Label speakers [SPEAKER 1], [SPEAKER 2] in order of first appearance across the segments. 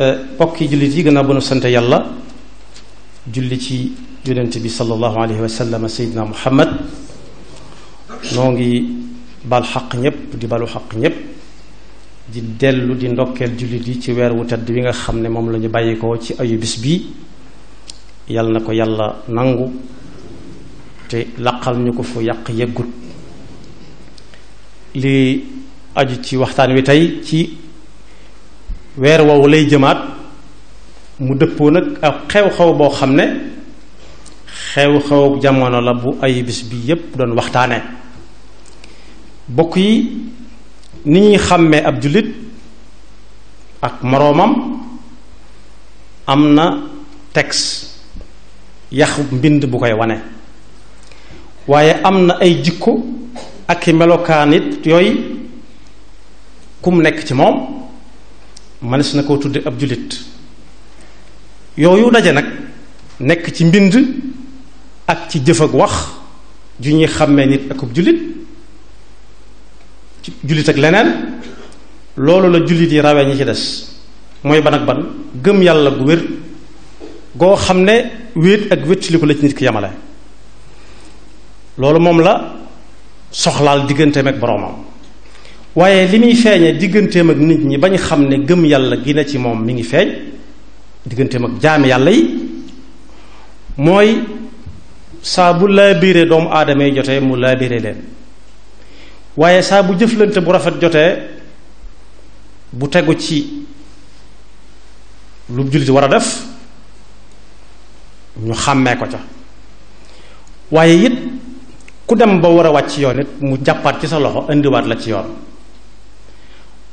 [SPEAKER 1] Eh, bokki jullit yi gannaaw a nu sant yàlla julli ci yonent bi sallallahu alayhi wa sallam seydina muhammad moo ngi bal xaq ñépp di balu xaq ñépp di dellu di ndokkeel jullit yi ci weer wu tedd wi nga xam ne moom lañu ñu bàyyi ko ci ayu bis bii yàlla na ko yàlla nangu te laqal ñu ko fu yàq yëggut li aju ci waxtaan wi tey ci weer woowu lay jëmaat mu dëppoo nag ak xew-xew boo xam ne xew-xew jamono la bu ay bis bi yépp doon waxtaane bokk yi ni ñuy xàmmee ab jullit ak moroomam am na texte yax mbind bu koy wane waaye am na ay jikko ak i melokaan it yooyu kum nekk ci moom mënees na koo tuddee ab jullit yooyu daje nag nekk ci mbind ak ci jëf ak wax ju ñuy xàmmee nit akub jullit jullit ak leneen loolu la jullit yi rawee ñi ci des mooy ban ak ban gëm yàlla gu wér goo xam ne wéet ak wéttiliku la ci nit ki yamale loolu moom la soxlaal digganteem ak boroomam waaye li muy feeñee digganteem ak nit ñi bañ xam ne gëm yàlla gi na ci moom mi ngi feeñ digganteem ak jaami yàlla yi mooy saa bu laabire doomu aadama yi jotee mu laabire leen waaye saa bu jëflante bu rafet jotee bu tegu ci lu jullit war a def ñu xàmmee ko ca waaye it ku dem ba war a wàcc yoon it mu jàppaat ci sa loxo indiwaat la ci yoon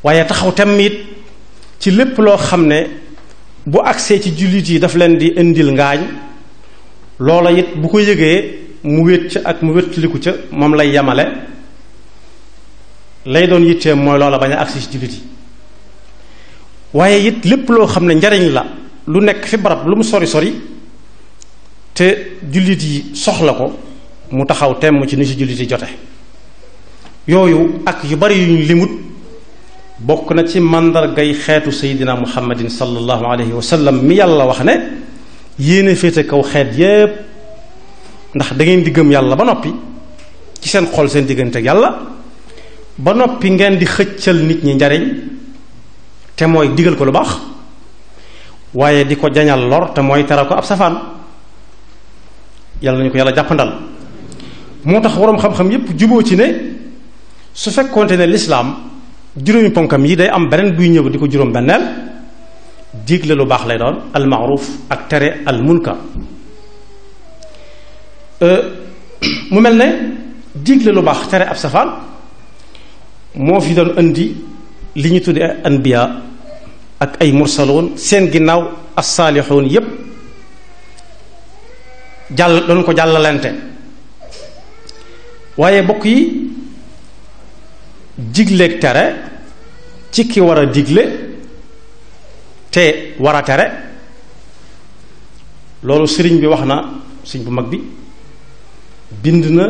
[SPEAKER 1] waaye taxaw temm it ci lépp loo xam ne bu agsee ci jullit yi daf leen di indil ngaañ loola it bu ko yëgee mu wét ca ak mu wétliku ca moom lay yamale lay doon yitteem mooy loola bañ a agsi ci jullit yi waaye it lépp loo xam ne njariñ la lu nekk fi barab lu mu sori sori te jullit yi soxla ko mu taxaw temm ci ni ci jullit yi jote yooyu ak yu bari yuñ limut bokk na ci màndargay xeetu seydina muhammadin sallallahu alayhi wa sallam mi yàlla wax ne yéene féete kaw xeet yépp ndax da ngeen di gëm yàlla ba noppi ci seen xol seen diggante ak yàlla ba noppi ngeen di xëccal nit ñi njariñ te mooy digal ko lu baax waaye di ko jañal lor te mooy tere ko ab safaan yàlla nañu ko yàlla jàppandal moo tax waroom xam-xam yépp juboo ci ne su fekkoonte ne lislaam juróomi ponkam yi day am beneen buy ñëw di ko juróom benneel digle lu baax lay doon al maaruf ak tere al munkar euh, mu mel ne digle lu baax tere ab safaan moo fi doon indi li ñu tuddi anbiya ak ay mursaloon seen ginnaaw assaalixoon yépp jàll doon ko jàllalante waaye bokk yi digleeg tere ci ki war a digle te war a tere loolu sëriñ bi wax na sëriñ bu mag bi bind na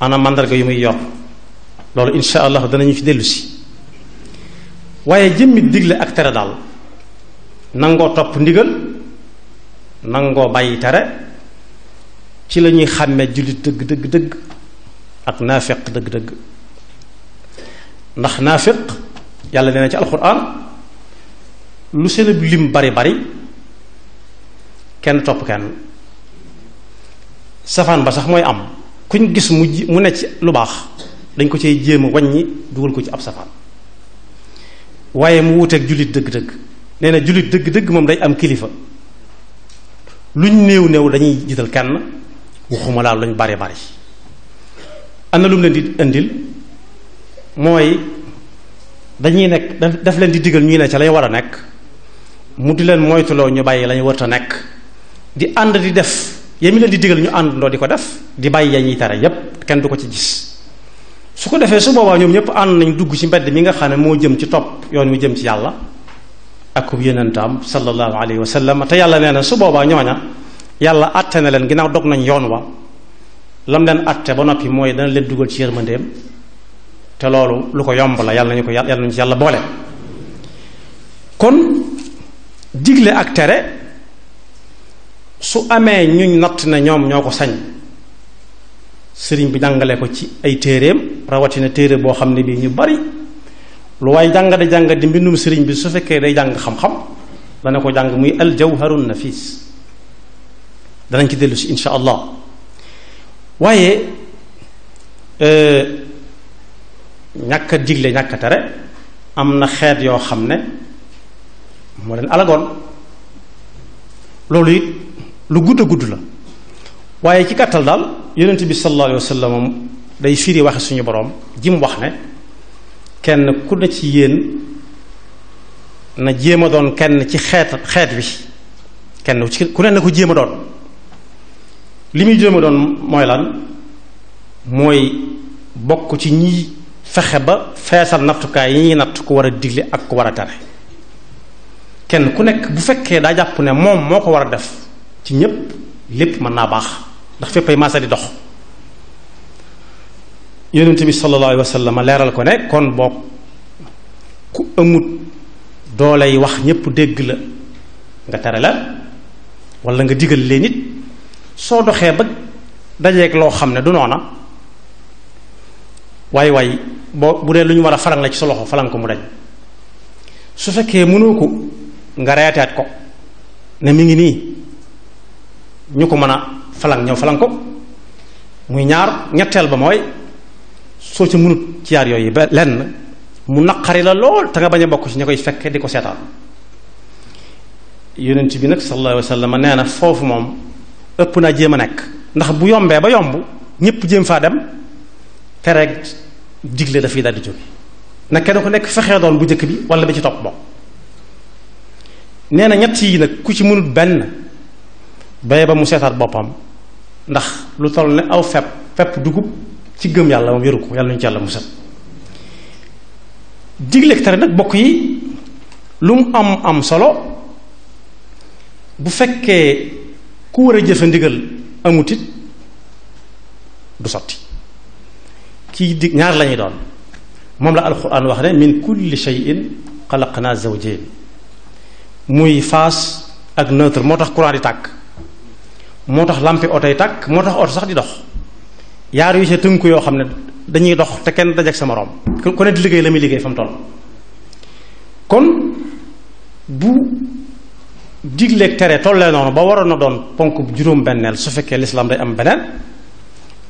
[SPEAKER 1] ana màndarga yu muy yor loolu insha allah danañu fi dellusi waaye jëmmi digle ak tere daal nangoo topp ndigal nangoo bàyyi tere ci la ñuy xàmmee jullit dëgg dëgg dëgg ak naafeq dëgg dëgg ndax naafiq yàlla nee na ci alxuraan lu seen ab lim bari bari kenn topp kenn safaan ba sax mooy am kuñ gis mu mu ne ci lu baax dañ ko cay jéem a dugal ko ci ab safaan waaye mu wuteeg jullit dëgg-dëgg nee na jullit dëgg-dëgg moom day am kilifa luñ néew néew dañuy jiital kenn waxuma laal luñ bari bari am na lu mu di indil mooy dañuy nekk daf leen di digal ñuy ne ca lañ war a nekk mu di leen moytuloo ñu bàyyi la ñu wërta nekk di ànd di def yemi leen di digal ñu àndandoo di ko def di bàyyi ya ñuy tara yépp kenn du ko ci gis su ko defee su boobaa ñoom ñëpp ànd nañ dugg ci mbedd mi nga xam ne moo jëm ci topp yoon wi jëm ci yàlla ak yenentaam sallallahu alayhi wa sallam te yàlla nee na su boobaa ñooña yàlla àtte na leen ginnaaw dog nañ yoon wa lam leen àtte ba noppi mooy dana leen dugal ci yërmandeem te loolu lu ko yomb la yàlla ñu ko yàlla nañu ci yàlla boole kon digle ak tere su amee ñuñ natt na ñoom ñoo ko sañ sëriñ bi jàngale ko ci ay téereem rawatina téere boo xam ne bii ñu bari lu waaye jàng di jàng di mbindum sëriñ bi su fekkee day jàng xam-xam dana ko jàng muy aljawharun nafis danañ ci dellu si insha allah waaye euh, ñàkk a digle ñàkk tere am na xeet yoo xam ne moo leen alagoon loolu it lu gudd a gudd la waaye ci gàttal daal yonent bi sallallahu alayhi wa sallam day firi waxe suñu boroom ji wax ne kenn ku ne ci yéen na jéem a doon kenn ci xeet xeet bi kenn ku ne na ko jéem a doon li muy jéem doon mooy lan mooy bokk ci ñii fexe ba feesal nattukaay yi ñuy natt ku war a digle ak ku war a tare kenn ku nekk bu fekkee daa jàpp ne moom moo ko war a def ci ñépp lépp mën naa baax ndax fépp ay maasa di dox yonent bi sallallahu alayhi wa sallam leeral ko ne kon boo ku amut dooley wax ñépp dégg la nga tere la wala nga digal leen it soo doxee ba dajeeg loo xam ne du noona waay waay boo bu dee lu ñu war a farang la ci sa loxo farang ko mu dañ su fekkee mënoo ko nga reetaat ko ne mi ngi nii ñu ko mën a farang ñëw farang ko muy ñaar ñetteel ba mooy soo ci mënut ci yaar yooyu ba lenn mu naqari la lool te nga bañ bokk ci ña koy fekkee di ko seetaan yonent bi nag sallallahu alayhi wa sallam nee na foofu moom ëpp naa jéem a nekk ndax bu yombee ba yomb ñépp jéem faa dem tere digle dafay daal di jóge nag kenn ku nekk fexee doon bu njëkk bi wala bi ci topp bokk nee na ñett yi nag ku ci mënul benn baye ba mu seetaat boppam ndax lu toll ne aw fepp fepp dugub ci gëm yàlla moom yoru ko yàlla ñu ci yàlla musal digleeg tere nag bokk yi lu mu am am solo bu fekkee ku war a jëfe ndigal amutit du sotti kii dig ñaar lañuy doon moom la alquran wax ne min kulli shay'in xalaqnaa zawjayn muy faas ak neutre moo tax courant di tàkk moo tax lampi oto yi tàkk moo tax oto sax di dox yaar yu sa tënku yoo xam ne dañuy dox te kenn dajeg sa moroom ku ne di liggéey la muy liggéey fa mu toll kon bu digleeg tere tollee noonu ba waroon na doon ponk juróom-benneel su fekkee lislaam day am beneen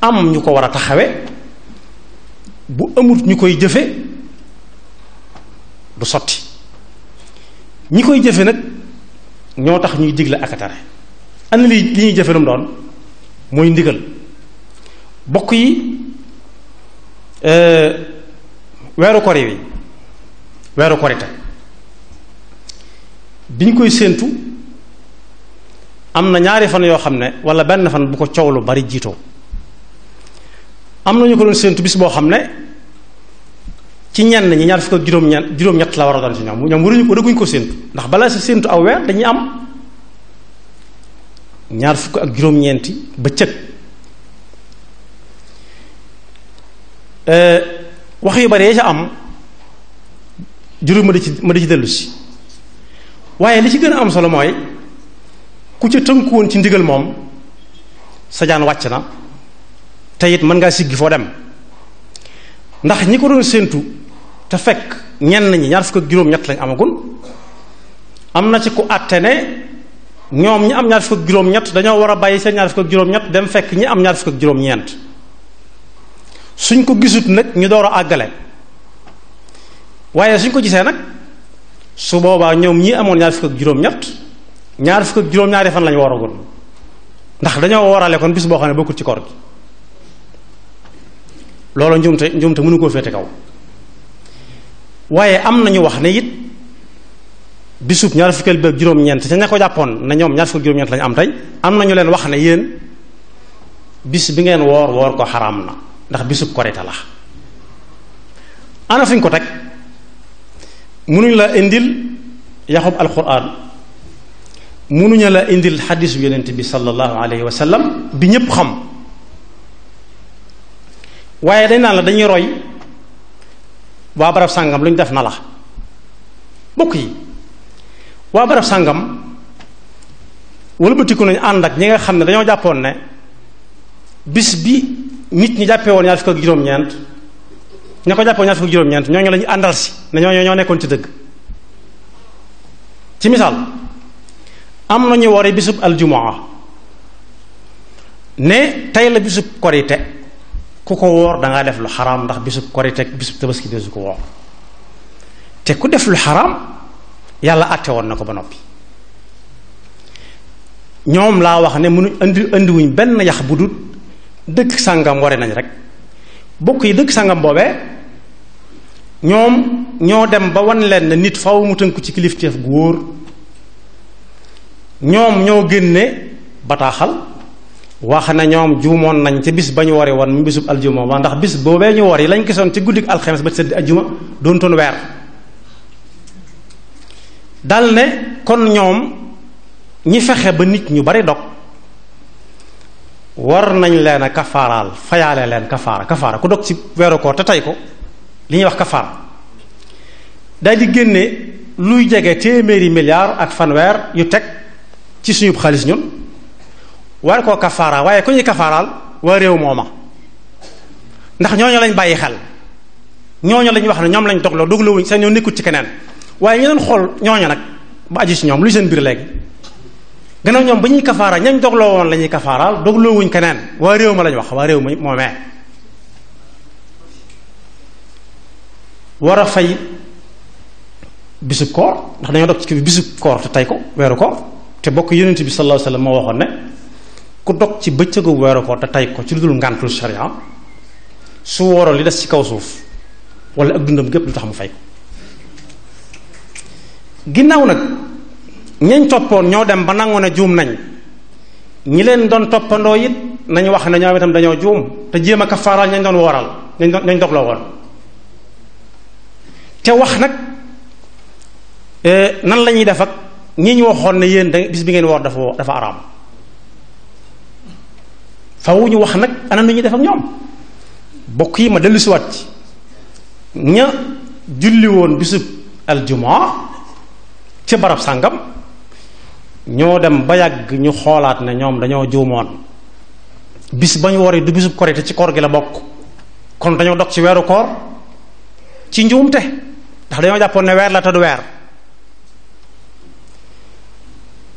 [SPEAKER 1] am ñu ko war a taxawe bu amut ñu koy jëfe du sotti ñi koy jëfe nag ñoo tax ñuy digle ak a tere li ñuy jëfe lu mu doon mooy ndigal bokk yi euh, weeru kori wi weeru korite bi ñu koy séentu am na ñaari fan yoo xam ne wala benn fan bu ko coow lu bari jiitoo am nañu ko doon séentu bis boo xam ne ci ñenn ñi ñaar fukk ak juróom ñen juróom-ñett la war a doon ci ñoom ñoom waruñu ko dëgguñu séentu ndax balaa si séentu aw weer dañuy am ñaar fukk ak juróom-ñeenti bëccëg eh, wax yu bari ca am juróom ma di ci ma ci dellu waaye li ci gën a am solo mooy ku ca tënkuwoon ci ndigal moom sa jaan wàcc na te it mën ngaa siggi foo dem ndax ñi ko doon séentu te fekk ñenn ñi ñaar fukk ak juróom-ñett lañ amagul am na ci ku àtte ne ñoom ñi am ñaar fukk ak juróom-ñett dañoo war a bàyyi seen ñaar dem fekk ñi am ñaar fukk ak suñ ko gisut nag ñu door a àggale waaye suñ ko gisee nag su boobaa ñoom ñii amoon ñaar fukk ak juróom-ñett ñaar fukk ak juróom-ñaari fan lañ waragul ndax dañoo warale kon bis boo xam ne bokkul ci koor gi. loolu njumte njumte mënu koo féete kaw waaye am nañu wax ne it bisub ñaar fukkeel beeg juróom-ñeent ca ña ko jàppoon na ñoom ñaar fukkeel juróom-ñeent lañu am tey am nañu leen wax ne yéen bis bi ngeen woor woor ko xaram na ndax bisub korite la ana fuñ ko teg mënuñ la indil yaxub alquran mënuñu la indil xadisu yonent bi sallallahu alayhi wa sallam bi ñépp xam waaye dañ naan la dañuy roy waa barab sàngam lu ñu def na la bokk yi waa barab sàngam wëlbatiku nañu ànd ak ñi nga xam ne dañoo jàppoon ne bis bi nit ñi jàppee woon ñaar fukk ak juróom-ñeent ña ko jàppee woon ñaar juróom-ñeent ñooñu la ñuy àndal si ne ñooñu ñoo nekkoon ci dëgg ci misaal am na ñu wari bisub aljumaa ne tey la bisub korite ku ko woor dangaa def lu xaraam ndax bisub korite bisub tabaski deesu ko woor te ku def lu xaraam yàlla àtte woon na ko ba noppi ñoom laa wax ne mënu indi indiwuñ benn yax bu dut dëkk sàngam ware nañ rek bokk yi dëkk sàngam boobee ñoom ñoo dem ba wan leen nit faw mu tënku ci kilifteef gu wóor ñoom ñoo génne bataaxal wax na ñoom juumoon nañ ci bis ba ñu wari woon mu bisub aljuma waa ndax bis boobee ñu yi lañ gisoon ci guddik alxemes ba sëdd aljuma doontoon weer dal ne kon ñoom ñi fexe ba nit ñu bari dog war nañ leen a kafaaraal fayaale leen kafaara kafaara ku dog ci weeru koor te tey ko li ñuy wax kafaara daal di génne luy jege téeméeri milliards ak fanweer yu teg ci suñu xaalis ñun war koo kafaara waaye ku ñuy kafaaraal waa réew mooma ndax ñooñu lañ bàyyi xel ñooñu lañ wax ne ñoom lañ dogloo wuñ sa ñoo nekkul ci keneen waaye ñu doon xool ñooñu nag ba aju si ñoom lu seen biir léegi gannaaw ñoom ba ñuy kafaara ñañ dogloo woon la ñuy kafaaraal dogloowuñ keneen waa réew ma lañ wax waa réew ma moomee war a fay bisub koor ndax dañoo dog ci kii bi bisub koor te tey ko weeru koor te bokk yonent bi sallallahu alayhi wasallam moo waxoon ne ku dog ci bëccëgu weeru koor te tay ko ci lu dul ngàntul sharia su wooroo li des ci kaw suuf wala ak dundam gépp lu tax mu fay ko ginnaaw nag ñañ toppoon ñoo dem ba nangu ne juum nañ ñi leen doon toppandoo it nañu wax ne ñoom itam dañoo juum te jéem aka kafaaral ñañ doon wooral ñañ doon la dogloo woon te wax nag eh, nan la ñuy def ak ñi ñu waxoon ne yéen da bis bi ngeen woor dafa dafa araam faw ñu wax nag anam na ñuy def ak ñoom bokk yi ma dellusiwaat ci ña julli woon bisub aljumaa ca barab sàngam ñoo dem ba yàgg ñu xoolaat ne ñoom dañoo juumoon bis ba ñu waree du bisub korite ci kor gi la bokk kon dañoo dog ci weeru koor ci njuumte ndax dañoo jàppoon ne weer la te du weer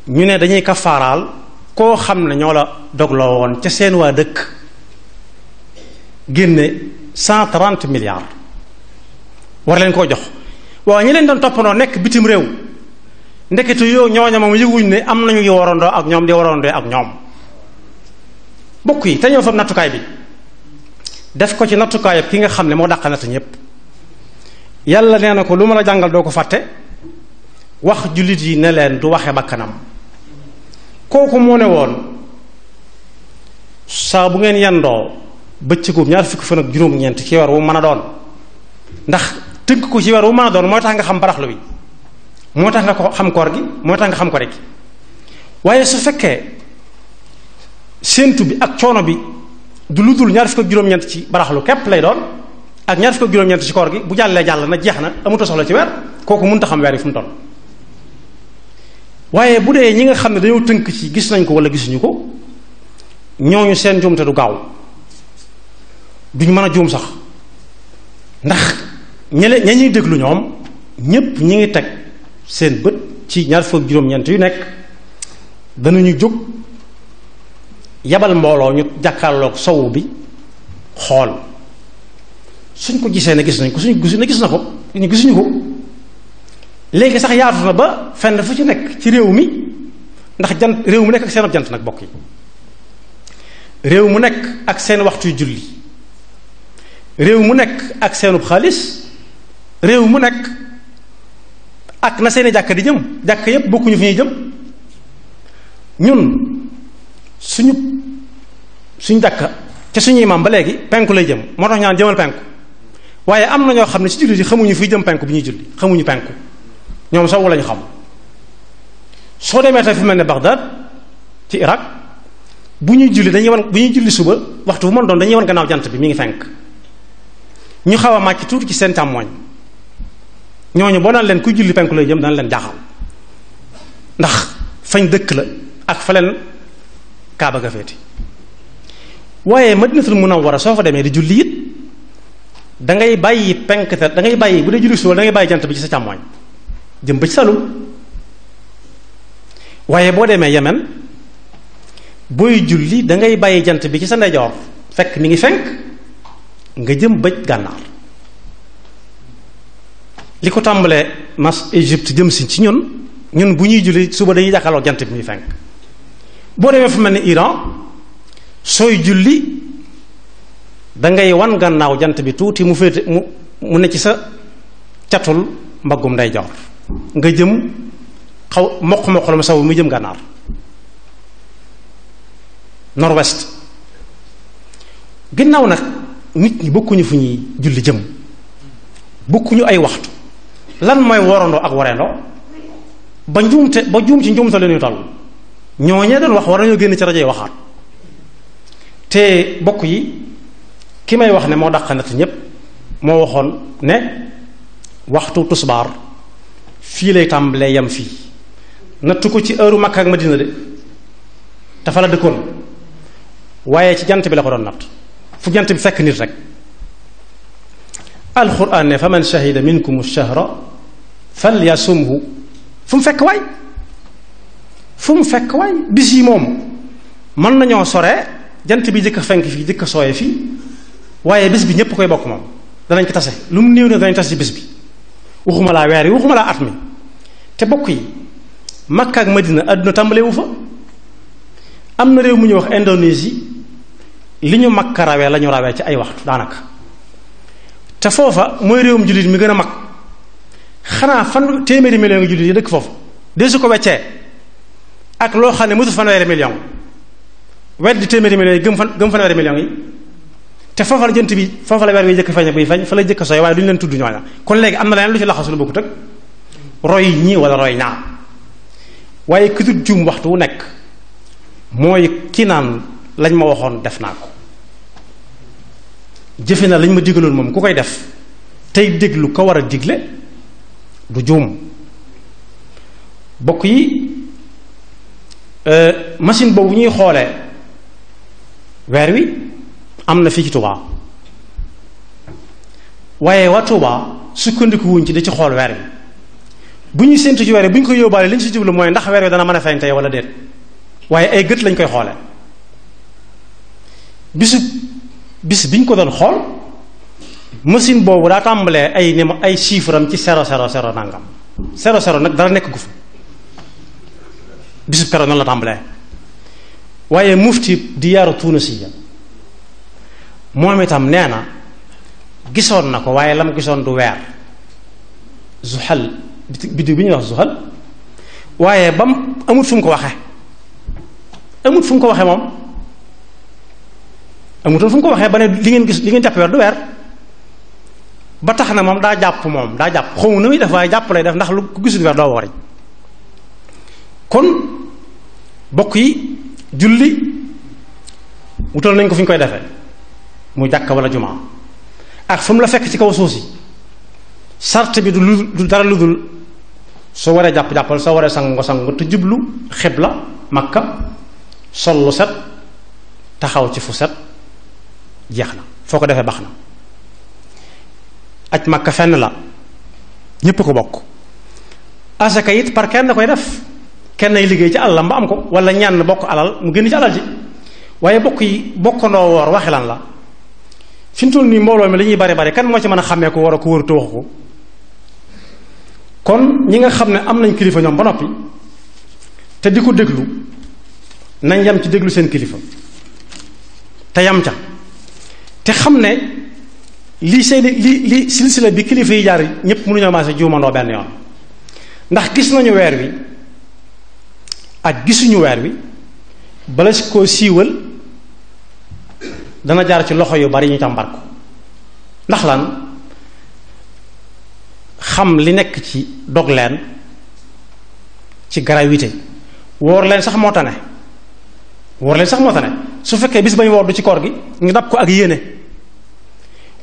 [SPEAKER 1] ñu ne dañuy kafaaraal koo xam ne ñoo la dogloo woon ca seen waa dëkk génne cent trente milliards war leen koo jox waaw ñi leen doon toppandoo nekk bitim réew ndeketu yow ñooña moom yëguñ ne am nañu ngi warandoo ak ñoom di warandoo ak ñoom bokk yi te ñëw fam nattukaay bi def ko ci nattukaayam ki nga xam ne moo dàqa natt ñëpp yàlla nee na ko lu ma la jàngal doo ko fàtte wax jullit yi ne leen du waxe kanam kooku moo ne woon saa bu ngeen yandoo bëccëgu ñaar fukki fan ak juróom-ñeent ci weer wu mën a doon ndax tënk ko ci weer wu mën a doon mooy tax nga xam baraxlu bi moo tax nga ko xam koor gi moo tax nga xam ko rek waaye su fekkee séentu bi ak coono bi du lu dul ñaar fukk ak juróom-ñeent ci baraxlu képp lay doon ak ñaar fukk ak juróom-ñeent ci koor gi bu jàllee jàll na jeex na amuta soxla ci weer kooku mënut a xam weer yi fu mu toll. waaye bu dee ñi nga xam ne dañoo tënk ci gis nañ ko wala gisuñu ko ñooñu seen juumte du gaaw duñ mën a juum sax ndax ñele ña ñuy déglu ñoom ñépp ñu ngi teg seen bët ci ñaar fukk juróom-ñeent yu nekk danañu jóg yabal mbooloo ñu jàkkaarloog sowu bi xool suñ ko gisee ne gis nañ ko suñ gis na gis na ko gisuñu ko léegi sax yaatu na ba fenn fu ci nekk ci réew mi ndax jan réew mu nekk ak seen jant nag bokk yi réew mu nekk ak seen waxtuy julli réew mu nekk ak seenu xaalis réew mu nekk ak na seeni jàkka di jëm jàkka yépp bokkuñu fi ñuy jëm ñun suñu suñu jàkka ca suñuy maam ba léegi penku lay jëm moo tax ñaan jëmal penku waaye am na ñoo xam ne ci julli di xamuñu fiy jëm penku bi ñuy julli xamuñu penku ñoom soowu lañ xam soo demee tey fi mel ne Bagdad ci Irak bu ñuy julli dañuy wan bu ñuy julli suba waxtu bu mën doon dañuy wan gannaaw jant bi mu ngi fenk ñu xaw a màcc tuuti ci seen càmmooñ ñooñu boo naan leen kuy julli penku lay jëm daan leen jaaxaw ndax fañ dëkk la ak fa leen kaaba ga féeti mun a munawwara soo fa demee di julli it dangay ngay bàyyi penk te da ngay bàyyi bu dee julli suba da ngay bàyyi jant bi ci sa càmmooñ jëm ba ci waaye boo demee Yemen booy julli da ngay bàyyi jant bi ci sa ndeyjoor fekk mi ngi fenk nga jëm bëj gànnaar li ko tàmbalee mas Égypte jëm si ci ñun ñun bu ñuy julli suba dañuy jàkkaarloo jant bi muy fenk boo demee fu mel ni Iran sooy julli da ngay wan gànnaaw jant bi tuuti mu féete mu mu ne ci sa catul mbaggum ndeyjoor nga jëm xaw mokk mokk la ma saw mu jëm gànnaar nord-ouest ginnaaw nag nit ñi bokkuñu fu ñuy julli jëm bokkuñu ay waxtu lan mooy worandoo ak wareendoo ba njuumte ba juum ci njuumte la ñuy toll ñooñee doon wax war nañoo génn ci rajoy waxaat te bokk yi ki may wax ne moo dàq natt ñépp moo waxoon ne waxtu tusbaar fii lay tàmbalee yam fii nattu ko ci heure Makka ak Madina de dafa la dëkkoon waaye ci jant bi la ko doon natt fu jant bi fekk nit rek alquran ne fa man shahida minkum shahra fal yasumhu fu mu fekk waay fu mu fekk waay bis yi moom mën nañoo sore jant bi jëkk fenk fii jëkk sooye fii waaye bis bi ñépp koy bokk moom danañ ko tase lu mu néew ne danañ tas ci bis bi waxuma laa weer yi waxuma laa at mi te bokk yi Makka ak Madina àdduna tàmbalewu fa am na réew mu ñuy wax Indonésie li ñu Makka rawee la ñu rawee ci ay waxtu daanaka te foofa mooy réewum jullit mi gën a mag xanaa fan téeméeri million ngi jullit yi dëkk foofu de su ko weccee ak loo xam ne mosu fanweeri million weddi téeméeri million yi gëm fan gëm fanweeri million yi te foofa la jënt bi foofa la weer bi jëkk feeñ buy feeñ fa la jëkk sooy waaye duñu leen tudd ñooña kon léegi am na leen lu ci laxasul ko ak roy ñi wala roy ñaa waaye ki dut juum waxtu wu nekk mooy ki naan lañ ma waxoon def naa ko jëfe na lañ ma digaloon moom ku koy def tey déglu ko war a digle du juum bokk yi euh, machine boobu ñuy xoole weer wi am na fii ci Touba waaye waa Touba sukkandiku wuñ ci da ci xool weer bi bu ñuy séntu ci weer bi bu ñu ko yóbbaale li si jublu mooy ndax weer wi dana mën a feeñ tey wala déet waaye ay gët lañ koy xoolee bisu bis bi ñu ko doon xool machine boobu daa tàmbalee ay ni ay chiffre am ci sero sero sero nangam zéro zéro nag dara nekk gu fa bisu keroog noonu la tàmbalee waaye mufti di yaaru tuunasi moom itam nee na gisoon na ko waaye lam gisoon du weer zuxal biddiw bi ñuy wax zuxal waaye bam mu amut ko waxe amut fu ko waxe moom amutoon fu ko waxee ba ne li ngeen gis li ngeen jàpp weer du weer ba tax ne moom daa jàpp moom daa jàpp xaw na muy def waaye jàpp lay def ndax lu ko gisul weer doo wariñ kon bokk yi julli wutal nañ ko fi ñu koy defee mu jàkka wala jumaa ak fu la fekk ci kaw suuf sart bi du lu dara lu dul soo waree jàpp jàppal soo waree sangu nga sangu te jublu xibla makka sol lu set taxaw ci fu set jeex na foo ko defee baax na aj makka fenn la ñépp ko bokk asaka it par kenn koy def kenn ay liggéey ci alalam ba am ko wala ñaan bokk alal mu génn ci alal ji waaye bokk yi bokkandoo woor waxe la fi toll nii mbooloo mi li ñuy bare bare kan moo ci mën a xàmmee ko war a ko wërtu wax ko kon ñi nga xam ne am nañ kilifa ñoom ba noppi te di ko déglu nañ yam ci déglu seen kilifa te yam ca te xam ne lii seen li li silsila bi kilifa yi jaar ñépp mënuñoo maase juumandoo benn yoon ndax gis nañu weer wi ak gisuñu weer wi bala si koo siiwal dana jaar ci loxo yu bari ñu càmbar ko ndax lan xam li nekk ci dog leen ci gravité woor leen sax moo tane woor sax moo su fekkee bis ba ñu woor du ci koor gi ñu dab ko ak yéene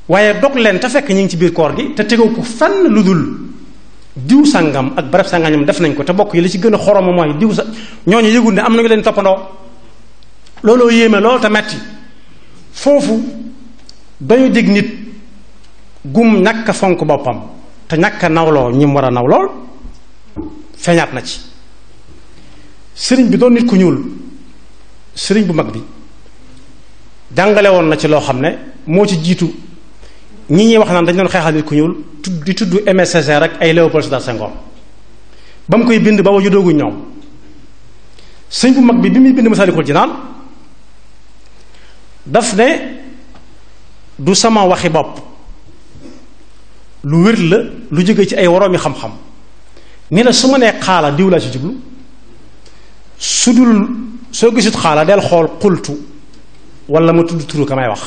[SPEAKER 1] waaye dog leen te fekk ñu ngi ci biir koor gi te tegaw ko fenn lu dul diw sàngam ak barab sàngam def nañ ko te bokk yi li ci gën a xorom mooy diw sa ñooñu yëgul ne am na ñu leen toppandoo looloo yéeme loolu te metti foofu dañu dig nit gum ñàkk fonk boppam te ñàkk nawloo ñi war a naw lool feeñaat na ci sëriñ bi doon nit ku ñuul sëriñ bu mag bi jàngale woon na ci loo xam ne moo ci jiitu ñi ñuy wax naan dañ doon xeexal nit ku ñuul tudd di tudd MSSR rek ay Léopold Sédar Senghor ba mu koy bind ba wa judoogu ñoom sëriñ bu mag bi bi muy bind Masaalikul naan daf ne du sama waxi bopp lu wér la lu jóge ci ay woroomi xam-xam ni la su ma nee xaala diw laa ci jublu su dul soo gisut xaala del xool xultu wala ma tudd turu ka may wax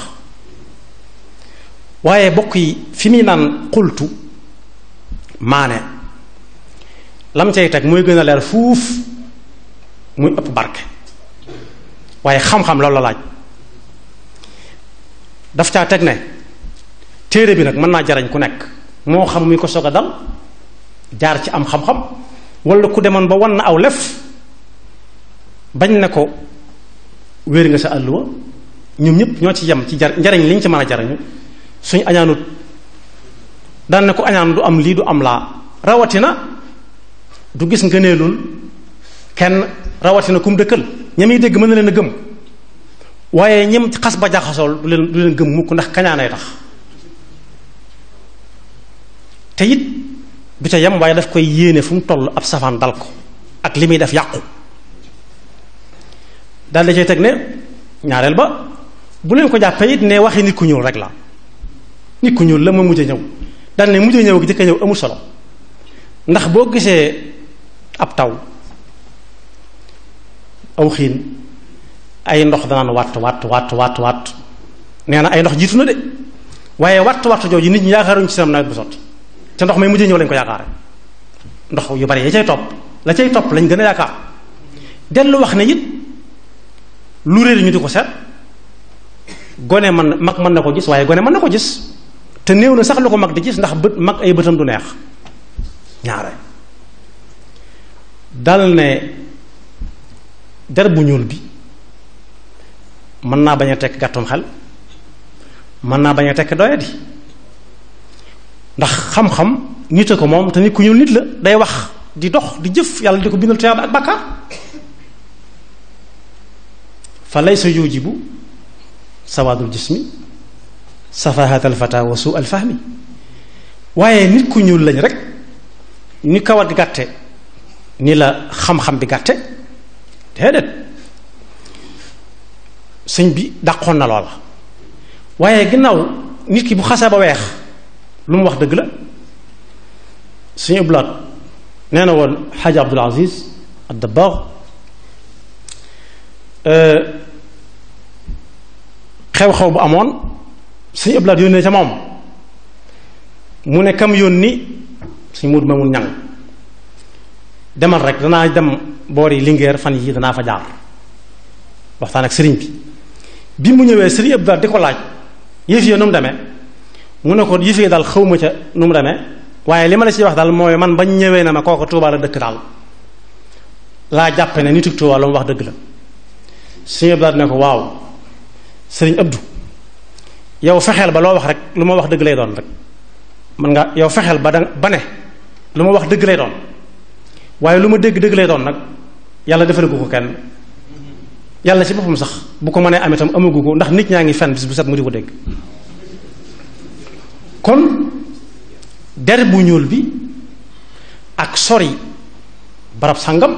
[SPEAKER 1] waaye bokk yi fi muy naan xultu maane lam cay teg mooy gën a leer fuuf muy ëpp barke waaye xam-xam loolu la laaj daf caa teg ne téere bi nag mën naa jariñ ku nekk moo xam mi ko soog a dal jaar ci am xam-xam wala ku demoon ba wan na aw lef bañ ne ko wér nga sa àlluwa ñoom ñëpp ñoo ci yem ci jar njariñ liñ ci mën a jariñu suñu añaanut daan ne ko añaan du am lii du am laa rawatina du gis ngëneelul kenn rawatina kum dëkkal ñam muy dégg mën na leen a gëm waaye ñem xas ba jaxasool du leen du leen gëm mukk ndax kañaanay tax te it bu ca yam waaye daf koy yéene fu mu toll ab safaan dal ko ak li muy def yàqu daal da cay teg ne ñaareel ba bu leen ko jàppee it ne waxi nit ku ñuul rek la nit ku ñuul la ma mujj a ñëw daal ne mujj a ñëw gi jëkk ñëw amul solo ndax boo gisee ab taw aw xiin ay ndox danaan wàtt wàtt wàtt wàtt wat nee na ay ndox jiitu na de waaye wat wàtt jooju nit ñi yaakaaruñu ci seen nawet bu sotti ca ndox may mujjee ñëw lañ ko yaakaare ndox yu bari ya cay topp la cay topp lañ gën a yaakaar dellu wax ne it lu réer ñu di ko seet gone man mag mën na ko gis waaye gone mën na ko gis te néew na sax lu ko mag di gis ndax bët mag ay bëtam du neex ñaare dal ne der bu ñuul bi mën naa bañ a tekk gàttum xel mën naa bañ a tekk doyadi ndax xam-xam nit a ko moom te nit ku ñuul nit la day wax di dox di jëf yàlla di ko bindal tuyaaba ak bàkkaar fa laysa yujibu sawaadul jismi safahat alfata wa su alfahmi waaye nit ku ñuul lañ rek ni kawar gi gàtte ni la xam-xam bi gàtte déedéet sëñ bi dàqoon na loola waaye ginnaaw nit ki bu xasee ba weex lu mu wax dëgg la suñu iblaat nee na woon xaaji abdul aziz ad euh, xew-xew bu amoon suñu iblaat yónnee ca moom mu ne kam yónni suñ muut ma mun ñang demal rek danaa dem boori lingeer fan yi danaa fa jaar waxtaan ak sëriñ bi bi mu ñëwee sëriñ daal di ko laaj yëf yi nu mu demee mu ne ko yëf yi daal xaw ma ca nu mu demee waaye li ma la ci wax daal mooy man bañ ñëwee na ma kooku Touba la dëkk daal laa jàppe ne nitu Touba wax dëgg la sëriñ Abdou ne ko waaw sëriñ Abdou yow fexeel ba loo wax rek lu ma wax dëgg lay doon rek mën nga yow fexeel ba da ba ne lu ma wax dëgg lay doon waaye lu ma dégg dëgg lay doon nag yàlla defal ko ko kenn. yàlla ci boppam sax bu ko mënee am itam amagu ko ndax nit ñaa ngi fen bis bu set mu di ko dégg kon der bu ñuul bi ak sori barab sàngam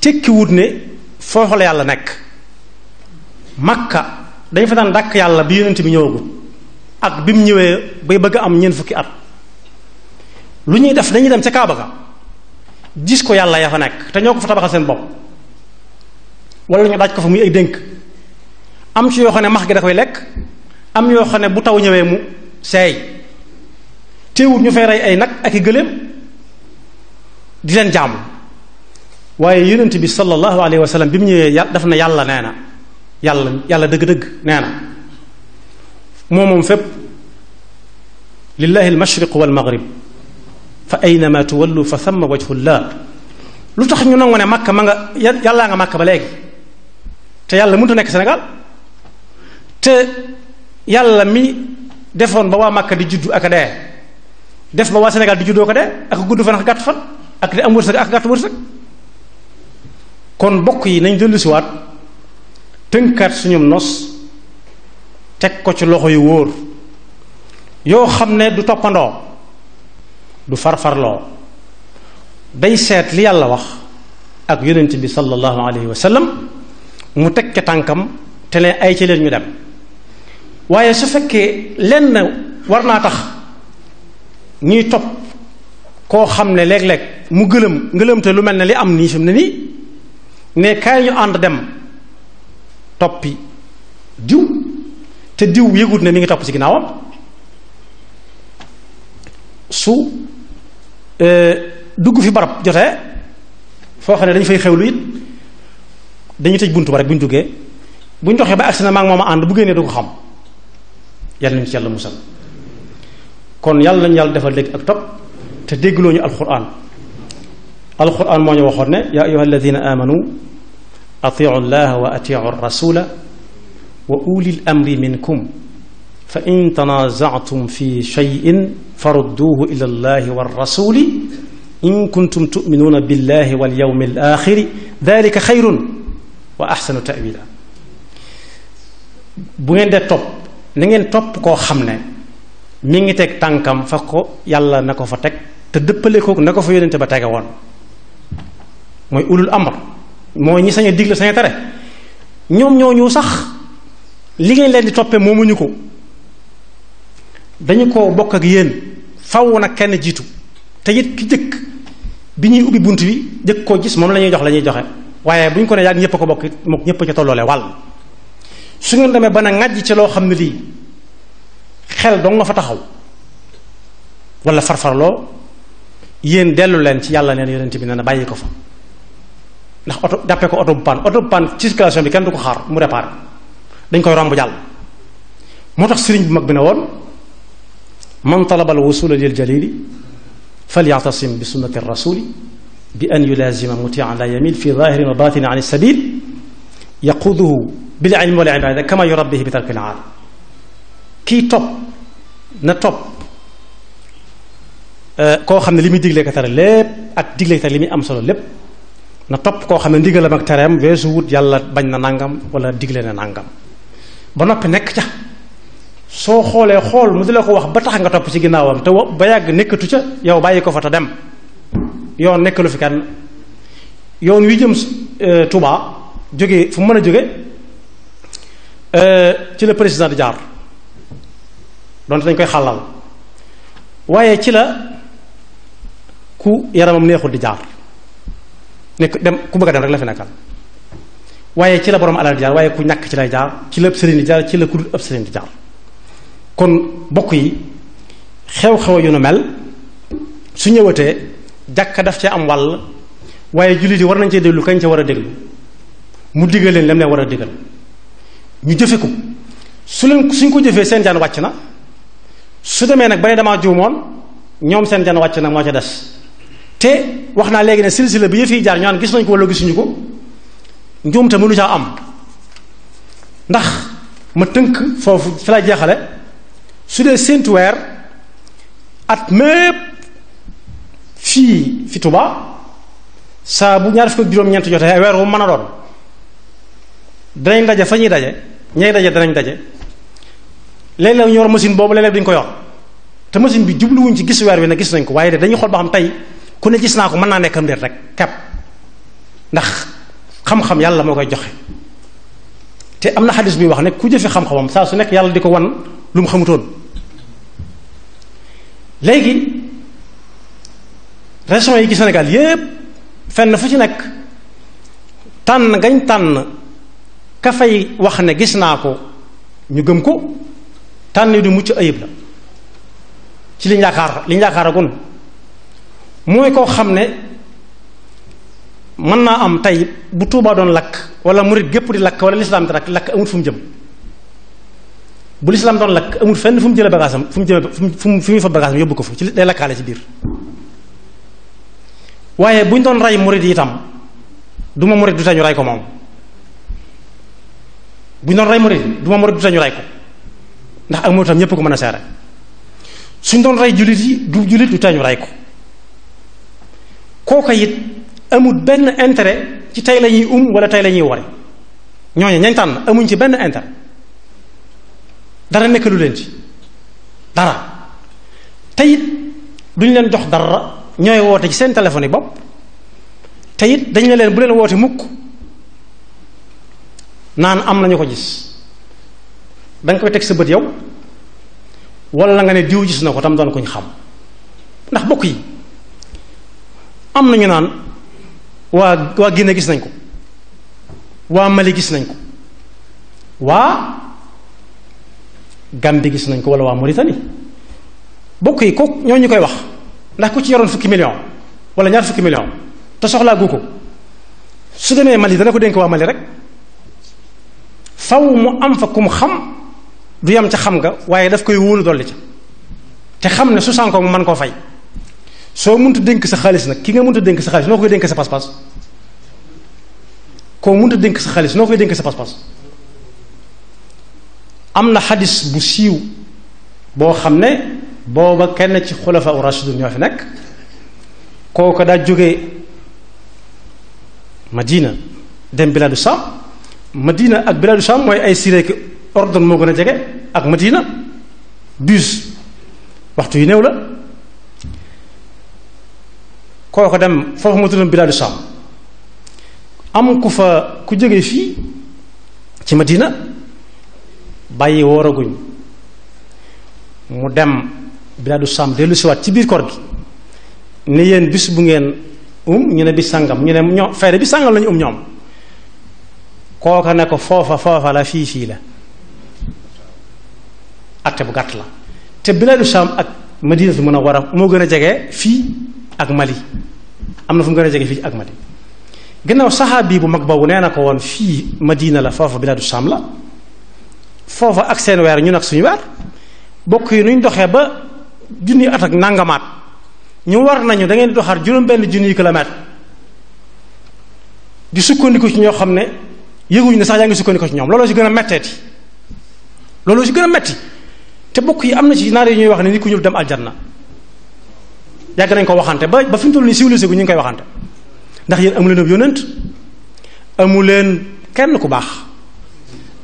[SPEAKER 1] tekkiwut ne foofu la yàlla nekk makka dañ fa daan dàkk yàlla bi yonent bi ñëwagul ak bi mu ñëwee bay bëgg am ñeent fukki at lu ñuy def dañuy dem ca Kaaba ga ko yàlla ya fa nekk te ñoo ko fa tabaxal seen bopp wala ñu daaj ko fa muy ay dénk am ci yoo xam ne max gi da koy lekk am yoo xam ne bu taw ñëwee mu seey teewul ñu fay rey ay nag ak i gëléem di leen jaamu waaye yonent bi sallallahu alayhi wa bi mu ñëwee yàlla daf na yàlla nee na yàlla yàlla dëgg-dëgg nee na moom moom fépp lillahi almashriq walmaghrib fa aynama tuwallu fa thamma wajhullah lu tax ñu nangu ne màkk ma nga yàllaa nga màkka ba léegi te yàlla mënut nekk Sénégal te yàlla mi defoon ba waa Màkka di juddu ak dee def ba waa Sénégal di juddoo ko dee ak gudd fan ak gàtt fan ak di am wërsëg ak gàtt wërsëg kon bokk yi nañ dellusiwaat tënkaat suñum nos teg ko ci loxo yu wóor yoo xam ne du toppandoo du farfarloo day seet li yàlla wax ak yonent bi sallallahu alayhi wa sallam mu teg ca tànkam te leen ay ci leen ñu dem waaye su fekkee lenn war naa tax ñuy topp koo xam ne léeg-léeg mu gëlëm ngëlëm lu mel ne li am ni fi mu ne nii ne kaay ñu ànd dem toppi diw te diw yëgut ne mi ngi topp ci ginnaawam su euh, dugg fi barab jotee foo xam ne dañ fay xewlu it dañuy tëj buntu ba rek bu ñu duggee bu ñu doxee ba agsi na maa ngi moom a ànd bu génnee du ko xam yàlla nañu ci yàlla musal kon yàlla nañu yàlla defal dégg ak topp te déggloo ñu alquran alquran moo ñu waxoon ne yaa ayuha alladina amanu atiu llaha wa atiu rasula wa ulil amri minkum fa in tanazatum fi cheyin farudduhu ila allahi wa rasuli in kuntum tuminuuna billahi walyawmi alaxiri dalika xayrun waa ahsanu ta'wila bu ngeen dee topp na ngeen topp koo xam ne mi ngi teg tànkam fa ko yàlla na ko fa teg te dëppale ko na ko fa yónnente ba tege woon mooy ulul amr moo ñi sañ a digle sañ a tere ñoom ñooñu sax li ngeen leen di toppee moomuñu ko dañu ko bokk ak yéen faw na kenn jiitu te it ki jëkk bi ñuy ubbi bunt bi jëkk koo gis moom la ñuy jox lañuy joxe waaye bu ñu ko ne yaag ñëpp a ko bokk mook ñëpp ca tolloole wàll su ngeen demee ba na ŋàjj ci loo xam ne lii xel dong nga fa taxaw walla farfarloo yéen dellu leen ci yàlla neen yonent bi ne na bàyyi ko fa ndax oto jàppee ko oto bu paan oto bu paan ci circulation bi kenn du ko xaar mu réparé dañ koy romb jàll moo tax sëriñ bu mag bi ne woon man talabal wusula lil jalili fal yatasim bi sunnati rasuli bi an yulaazima mutian la yamil fi zahirin wa batin an sabil yaquduhu bil ilmi wal ibada kama yurabbihi bi tarkil aar kii topp na topp koo xam ne li muy diglee ko tere lépp ak diglee ko tere li muy am solo lépp na topp koo xam ne ndigalam ak tereem weesu wut yàlla bañ na nangam wala digle na nangam ba noppi nekk ca soo xoolee xool mu di la ko wax ba tax nga topp ci ginnaawam te ba yàgg nekkatu ca yow bàyyi ko fa te dem yoon nekkalu fi kenn yoon wi jëm euh, Touba jóge fu mu mën a jóge euh, ci la président di jaar donte dañ koy xàllal waaye ci la ku yaramam neexul di jaar nekk dem ku bëgg a dem rek la fi nekkal waaye ci la borom alal di jaar waaye ku ñàkk ci lay jaar ci la ab sëriñ di jaar ci la ku dul ab sëriñ di jaar kon bokk yi xew-xew yu nu mel su ñëwatee jàkka daf ca am wàll waaye jullit yi war nañ cee déglu kañ ca war a déglu mu digal leen lam leen war a digal ñu jëfe ko su leen suñ ko jëfee seen jaan wàcc na su demee nag ba ne damaa juumoon ñoom seen jaan wàcc nag moo ca des te wax naa léegi ne silsila bi yëf yi jaar ñaan gis nañ ko wala gisuñu ko njuumte mënu caa am ndax ma tënk foofu fi laa jeexale su dee séntu weer at mépp fii fi Touba saa bu ñaar fukk ak juróom-ñeent jotee weer wu man a doon danañ daje fa ñuy daje ñay daje danañ daje léeg-léeg ñu yor machine boobu léeg dañ duñ ko yor te machine bi jubluwuñ ci gis weer wi ne gis nañ ko waaye de dañuy xool ba xam tey ku ne gis naa ko mën naa nekk am déet rek kepp ndax xam-xam yàlla moo koy joxe te am na xadis bi wax ne ku jëfe xam-xamam saa su nekk yàlla di ko wan lu mu xamutoon léegi régions yi ci Sénégal yépp fu ci nekk tànn gañ tànn ka fay wax ne gis naa ko ñu gëm ko tànn du mucc ayib la ci liñ yaakaar liñ yaakaaragun mooy koo xam ne mën naa am tey bu Tuubaa doon lakk wala murit gépp di lakk wala lislaam di lakk lakk amut fu mu jëm bu lislaam doon lakk amul fenn fu mu jëlee bagaasam fu mu jëlee fu mu fu mu fa bagaasam yóbbu ko fu ci day lakkaale ci biir waaye bu ñu doon rey murid yi itam du ma murid du tañu rey ko moom bu ñu doon rey murid du ma murid du tañu rey ko ndax ak moo itam ñépp ko mën a seere suñ doon rey jullit yi du jullit du tañu rey ko kooka it amul benn intérêt ci tey la ñuy um wala tey la ñuy wari ñooñu ñañ tànn amuñ ci benn intérêt dara nekk lu leen ci dara te it duñ leen jox dara ñooy woote ci seen téléphone yi bopp te it dañ ne leen bu leen woote mukk naan am nañu ko gis da koy teg sa bët yow wala nga ne diw gis na ko tam doon ko ñu xam ndax bokk yi am nañu naan waa waa Guinée gis nañ ko waa Mali gis nañ ko waa Gambie gis nañ ko wala waa Mauritanie bokk yi kooku ñoo ñu koy wax ndax ku ci yoroon fukki million wala ñaar fukki million te soxlaa gu ko su demee Mali dana ko dénk waa Mali rek faw mu am fa kum xam du yam ca xam nga waaye daf koy wóolu dolli ca te xam ne su sànkoo mu mën koo fay soo munta dénk sa xaalis nag ki nga munta dénk sa xaalis noo koy pas-pas koo munta dénk sa xaalis noo koy dénk sa pas-pas am na xadis bu siiw boo xam ne booba kenn ci xulafa u rashidun ñoo fi nekk kooku daa jóge Madina dem biladu Sham Madina ak biladu Sham mooy ay Syrie ki ordon moo gën a jege ak Madina bus waxtu yu néew la kooku dem foofu mu tuddoon biladu Sham am ku fa ku jóge fii ci Madina bàyyi wooraguñ mu dem bilaadu saam dellu siwaat ci biir koor gi ne yéen bis bu ngeen um ñu ne sàngam ñu ne ñoom fayda bi sàngam lañu um ñoom kooka ne ko foofa foofa la fii fii la atte bu gàtt la te bilaadu saam ak madinatu munawwara moo gën a jege fii ak Mali am na fu mu gën a jege fii ak Mali gannaaw bii bu mag boobu nee na ko woon fii madina la foofa bilaadu saam la foofa ak seen weer ñun ak suñu weer bokk yi nuñ doxee ba junni at ak nangamaat ñu war nañu da ngeen di doxaat juróom-benn junniy kilomètre di sukkandiku ci ñoo xam ne yëguñu ne sax yaa ngi sukkandiku ci ñoom looloo ci gën a metteeti looloo ci gën a metti te bokk yi am na ci naar yi ñuy wax ne ni ku ñuul dem na yàgg nañ ko waxante ba ba fi mu toll nii civilisé gu ñu ngi koy waxante ndax yéen amu leen ab yónent amu leen kenn ku baax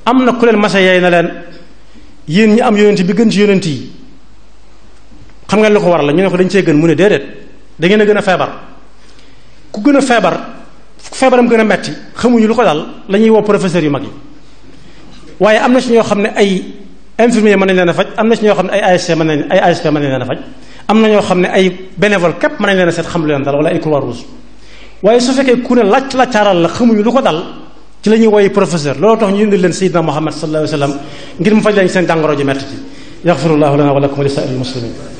[SPEAKER 1] am na ku leen masa yey na leen yéen ñi am yónent bi gën ci yónent yi xam nga lu ko waral la ñu ne ko dañ cee gën mu ne déedéet da ngeen a gën a feebar ku gën a feebar feebaram gën a metti xamuñu lu ko daal la ñuy woo professeur yu mag yi waaye am na ci ñoo xam ne ay infirmier mën nañ a faj am na ci xam ne ay ASC mën nañ na ñoo xam ne ay bénévole képp mën nañ leen a xam leen dal wala ay croix rouge waaye su fekkee ku ne làcc làccaaral la xamuñu lu ko dal ci la ñuy woowee professeur looloo tax ñu indil leen Seydina Muhammad sallallahu alayhi wa sallam ngir mu faj leen seen jàngoro ji metti ji yaxfirullahu lana wa lakum wa li